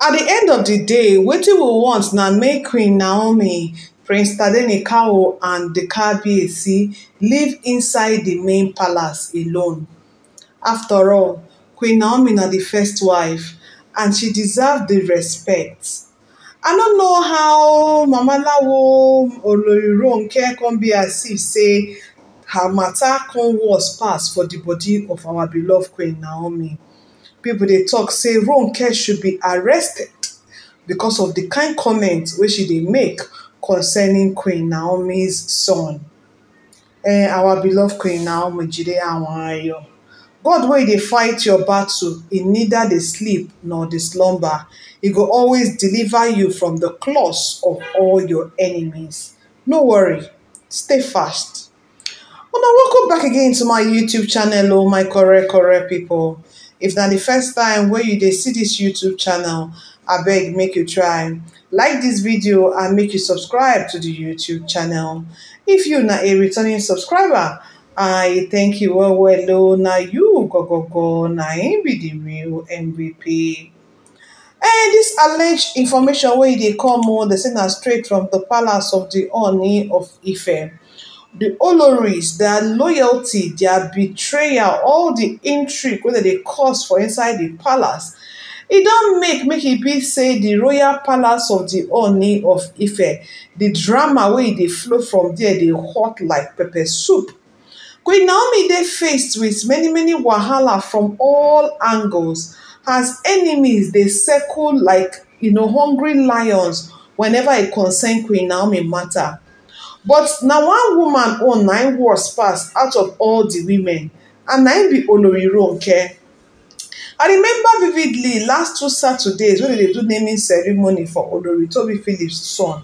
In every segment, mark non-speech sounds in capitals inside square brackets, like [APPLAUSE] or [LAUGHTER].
at the end of the day wetin we want now make queen naomi prince tadeni and the KBC live inside the main palace alone after all queen naomi is the first wife and she deserve the respect i don't know how mama lawo olorirunke come be as if say her matter can worse pass for the body of our beloved queen naomi People they talk say ronke should be arrested because of the kind comments which they make concerning queen naomi's son eh, our beloved queen naomi jide anwayo god wey they fight your battle e neither dey sleep nor dey slumber He go always deliver you from the claws of all your enemies no worry stay fast now welcome back again to my youtube channel o oh my correct correct pipo if na the first time wey you dey see this youtube channel abeg make you try like this video and make you subscribe to the youtube channel if you na a returning subscriber i thank you well well o na you gogogo na im be the real mvp eh this alleged information wey e dey come o dey say na straight from the palace of the oni of ife the oloris, their loyalty, their betrayal, all the intrigue whether they cause for inside the palace it e don't make make e be say the royal palace of the oni of ife The drama wey they e flow from there they hot like pepper soup queen naomi they faced with many many wahala from all angles as enemies they circle like you know hungry lions whenever it e concern queen naomi matter but na one woman own na im worst pass out of all di women and na im be olorirunke i remember vividly last two saturdays wey dem dey do naming ceremony for olori tobi phillips son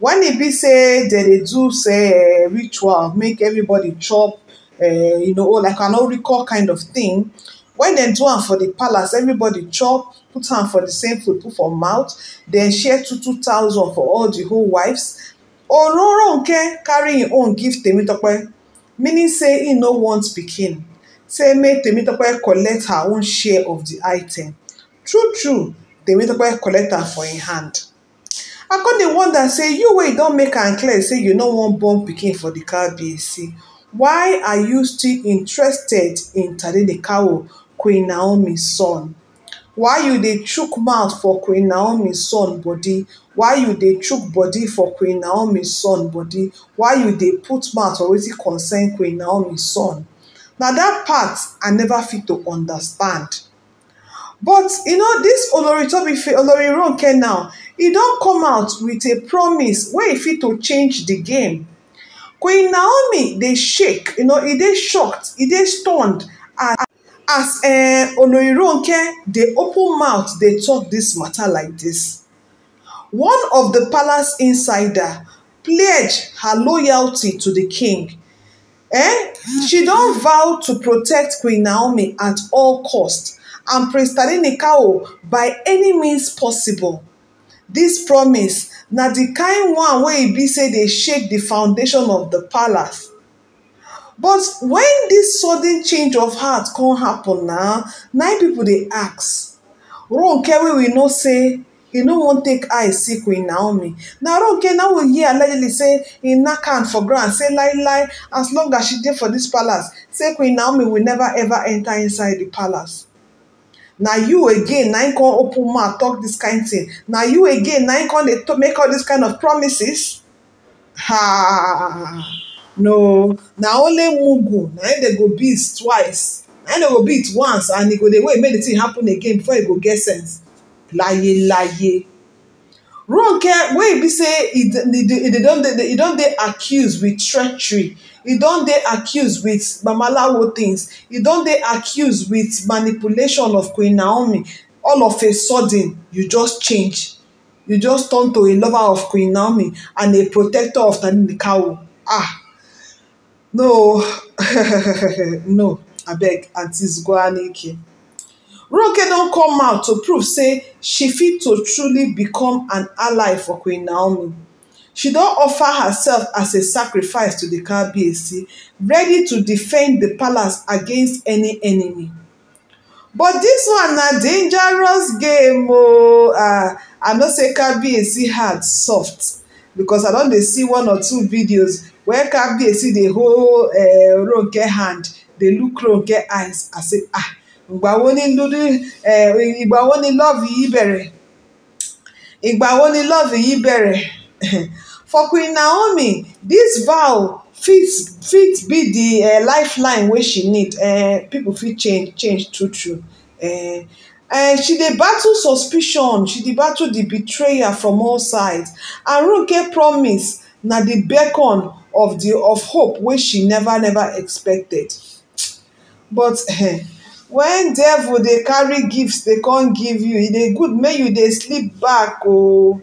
when e be say dem dey do say eh, ritual make everybody chop eh, you know like an oracle kind of thing when dem do am for the palace everybody chop put am for the same food put for mouth then share two two thousand for all the whole wives Ororonke carry im own give Temitope, meaning say im no want pikin, say make Temitope collect her own share of the item. True true, Temitope collect am for im hand. I con dey wonder say you wey don make am clear say you no wan born pikin for the Kabiyesi, why are you still interested in Tadenikawo, Queen Naomi's son? Why you dey chook mouth for Queen Naomi's son body why you dey chook body for queen naomi son body why you dey put mouth for wetin concern queen naomi son na that part i never fit to understand but you know this olori tobife olori ronke now e don come out with a promise wey e fit to change the game queen naomi dey shake you know e dey shocked e dey stunned as eh, olori ronke dey open mouth dey talk this matter like this. One of the palace insider pledged her loyalty to the king. Eh? She don't vow to protect Queen Naomi at all cost and Prince Tadinikao by any means possible. This promise na the kind one wey e be say they shake the foundation of the palace. But when this sudden change of heart come happen now, nine people they ask. Ronke wey we know say e no wan take eye see queen naomi na ronke now we hear allegedly say e knack hand for ground say lie lie as long as she dey for dis palace say queen naomi will never ever enter inside di palace na you again na im come open mouth talk dis kind thing na you again na im come dey make all dis kind of promises ha no na only mugu na im dey go beat twice na im dey go beat once and e go dey wait make the thing happen again before e go get sense láyéláyé. ronke wey e be say e don dey accused with treachery e don dey accused with mamalawo things e don dey accused with manipulation of queen naomi all of a sudden you just change you just turn to a lover of queen naomi and a protector of Tani ah no [LAUGHS] no abeg aunties go anike ronke don come out to prove say she fit to truly become an ally for queen naomi she don offer herself as a sacrifice to the kabiyesi ready to defend the palace against any enemy but this one na dangerous game Oh, ah i know say kabiyesi heart soft because i don dey see one or two videos where kabiyesi dey hold eh, ronke hand dey look ronke eyes as say ah ìgbà wo ni dúdú ìgbà wo ni lọ́ọ̀fù yìí bẹ̀rẹ̀ ìgbà ni lọ́ọ̀fù yìí bẹ̀rẹ̀ [LAUGHS] for queen naomi this vow fit fit be the uh, lifeline wey she need uh, people fit change change true true. Uh, Uh, she dey battle suspicion she dey battle the betrayal from all sides And arunke promise na the beacon of the of hope wey she never never expected but when devil dey carry gifts dey come give you e dey good make you dey sleep back Oh,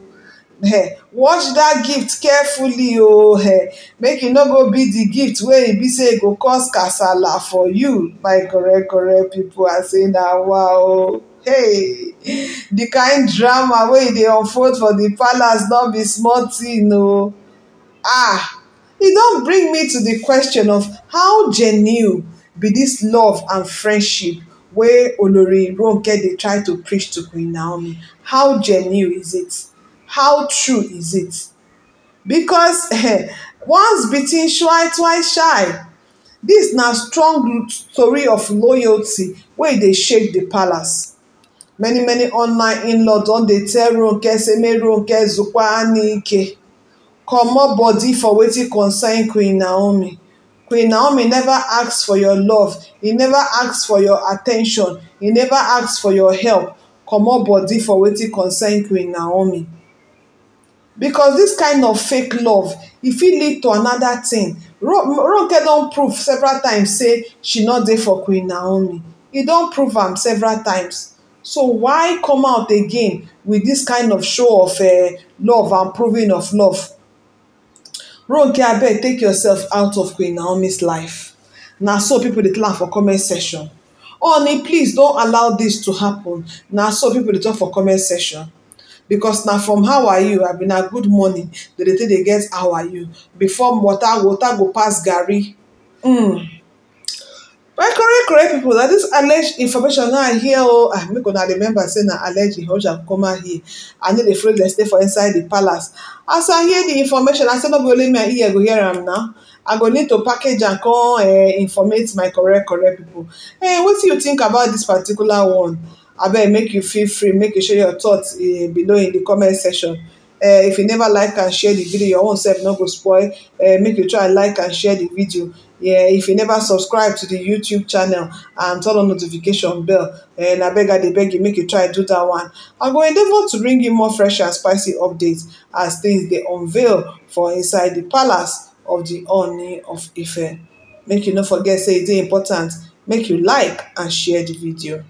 hey, eh, watch that gift carefully Oh, hey, eh, make e no go be the gift wey e be say e go cause kasala for you my correct correct people are saying na wa o hey the kind drama wey e dey unfold for the palace no be small tin o oh. ah e don bring me to the question of how genuine be this love and friendship wey Olori Ronke dey try to preach to Queen Naomi. How genuine is it? How true is it? Because eh, once bitten, shy, twice shy. This na strong story of loyalty wey dey shake the palace. Many many online in-law don dey tell Ronke say make Ronke zukwa ike comot body for wetin concern Queen Naomi. Queen Naomi never asked for your love. He never asked for your attention. He never asked for your help. Comot body for waiting concern Queen Naomi. Because this kind of fake love, if it lead to another thing. Ronke don prove several times say she not there for Queen Naomi. He don't prove am several times. So why come out again with this kind of show of uh, love and proving of love? ronke abeg take yourself out of queen naomi's life na so people dey tell for comment section honey please don't allow this to happen na so people dey talk for comment section because now, from how are you I've been a good morning dey dey take get how are you before water water go pass Gary. mm. My correct correct people. na dis alleged information now i hear oh ah, make una remember say na alleged ihoja koma here i no dey afraid dem stay for inside the palace as i hear the information i say no be only me and iye go hear am now i go need to package am come eh, informate my correct correct pipo eh wetin you think about this particular one abeg make you feel free make you share your thoughts eh, below in the comment section uh, if you never like and share the video your own self no go spoil uh, make you try like and share the video yeah, if you never subscribe to the youtube channel and turn on notification bell eh, and i beg i dey beg you make you try do that one i go endeavor to bring you more fresh and spicy updates as things dey unveil for inside the palace of the Ooni of Ife make you no forget say e dey important make you like and share the video.